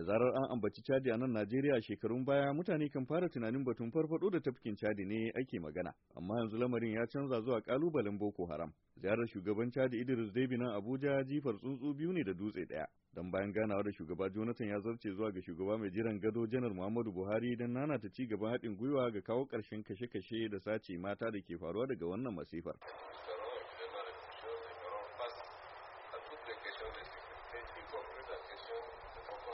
da zarar an ambaci Chadi a nan Najeriya shekarun baya mutane kan fara tunanin batun farfado da tafkin Chadi ne ake magana, amma yanzu lamarin ya canza zuwa kalubalen Boko Haram. Ziyarar shugaban Chadi Idris Deby nan Abuja jifar tsuntsu biyu ne da dutse ɗaya. Dan bayan ganawa da shugaba Jonathan ya zarce zuwa ga shugaba mai jiran gado Janar Muhammadu Buhari don nana ta ci gaban haɗin gwiwa ga kawo ƙarshen kashe-kashe da sace mata da ke faruwa daga wannan masifar. Thank you.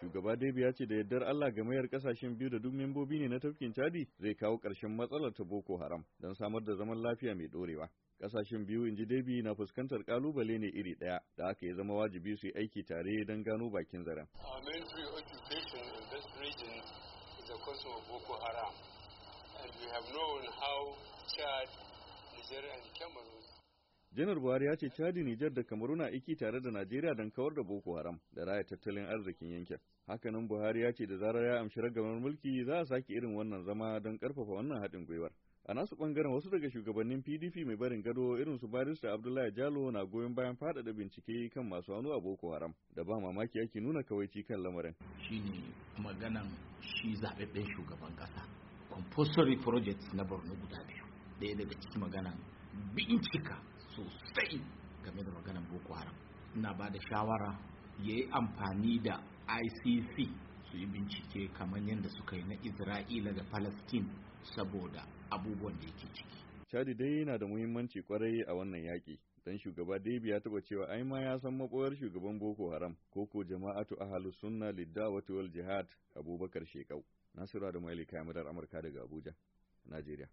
Shugaba Debi ya ce da yardar Allah ga mayar kasashen biyu da duk membobi ne na tafkin Chadi zai kawo ƙarshen matsalar ta Boko Haram don samar da zaman lafiya mai ɗorewa. Kasashen biyu inji Debi na fuskantar ƙalubale ne iri ɗaya da aka yi zama wajibi su yi aiki tare don gano bakin zaren. in this region is the of Boko and we janar buhari ya ce chadi nijar da kamaru na iki tare da najeriya don kawar da boko haram da raya tattalin arzikin yankin hakanan buhari ya ce da zarar ya amshi ragamar mulki za a sake irin wannan zama don karfafa wannan haɗin gwiwar a nasu bangaren wasu daga shugabannin pdp mai barin gado irin su barista abdullahi jalo na goyon bayan faɗaɗa bincike kan masu hannu a boko haram da ba mamaki ake nuna kawaici kan lamarin shine maganan shi zaɓaɓɓen shugaban ƙasa compulsory project na borno guda biyu ɗaya daga ciki maganan bincika sosai game da maganar boko haram ina ba da shawara ya yi amfani da icc su yi bincike kamar yadda suka yi na isra'ila da palestine saboda abubuwan da yake ciki chadi dai yana da muhimmanci kwarai a wannan yaƙi dan shugaba Debi ya taba cewa ai ma ya san makoyar shugaban Boko Haram ko ko jama'atu ahlus sunna lidawati wal jihad Abubakar Shekau Nasiru da Maili Kamilar Amurka daga Abuja Najeriya